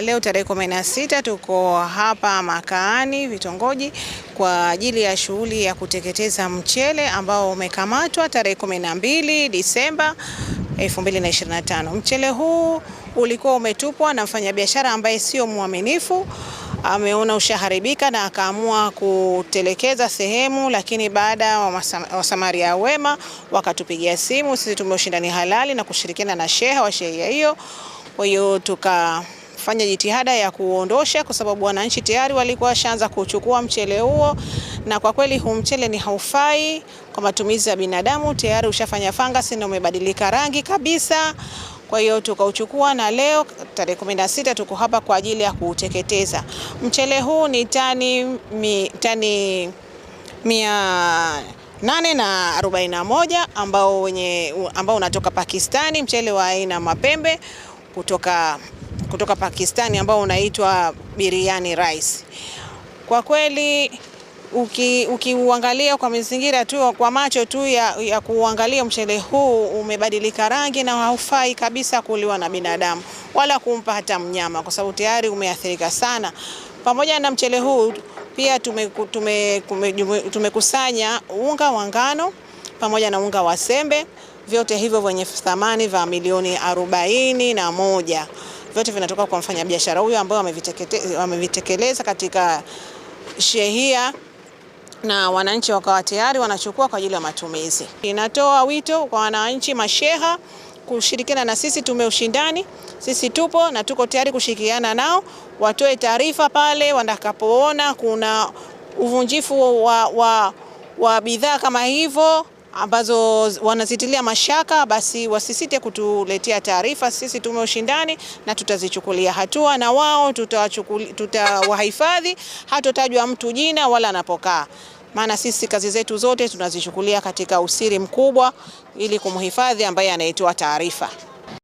leo tarehe kumi na sita tuko hapa makaani vitongoji kwa ajili ya shughuli ya kuteketeza mchele ambao umekamatwa tarehe kumi na mbili Disemba 2025. Mchele huu ulikuwa umetupwa na mfanyabiashara ambaye sio mwaminifu, ameona ushaharibika na akaamua kutelekeza sehemu, lakini baada ya wasamaria wema wakatupigia simu, sisi tumeushindani halali na kushirikiana na sheha wa sheria hiyo, kwa hiyo tuka kufanya jitihada ya kuondosha, kwa sababu wananchi tayari walikuwa washaanza kuchukua mchele huo, na kwa kweli huu mchele ni haufai kwa matumizi ya binadamu, tayari ushafanya fangasi na umebadilika rangi kabisa. Kwa hiyo tukauchukua na leo tarehe 16 tuko hapa kwa ajili ya kuuteketeza. Mchele huu ni tani mi, tani mia nane na arobaini na moja ambao wenye ambao unatoka Pakistani, mchele wa aina mapembe kutoka kutoka Pakistani ambao unaitwa biriani rice. Kwa kweli ukiuangalia uki kwa mazingira tu kwa macho tu ya, ya kuangalia mchele huu umebadilika rangi na haufai kabisa kuliwa na binadamu wala kumpa hata mnyama, kwa sababu tayari umeathirika sana. Pamoja na mchele huu pia tumekusanya tume, tume, tume unga wa ngano pamoja na unga wa sembe, vyote hivyo vyenye thamani vya milioni arobaini na moja vyote vinatoka kwa mfanyabiashara huyo ambaye wamevitekeleza katika shehia na wananchi wakawa tayari wanachukua kwa ajili ya matumizi. Inatoa wito kwa wananchi masheha kushirikiana na sisi Tume Ushindani. Sisi tupo na tuko tayari kushirikiana nao, watoe taarifa pale wanakapoona kuna uvunjifu wa, wa, wa bidhaa kama hivyo ambazo wanazitilia mashaka, basi wasisite kutuletea taarifa. Sisi tume ushindani na tutazichukulia hatua, na wao tutawahifadhi, tuta hatotajwa mtu jina wala anapokaa maana sisi kazi zetu zote tunazichukulia katika usiri mkubwa ili kumhifadhi ambaye anaitoa taarifa.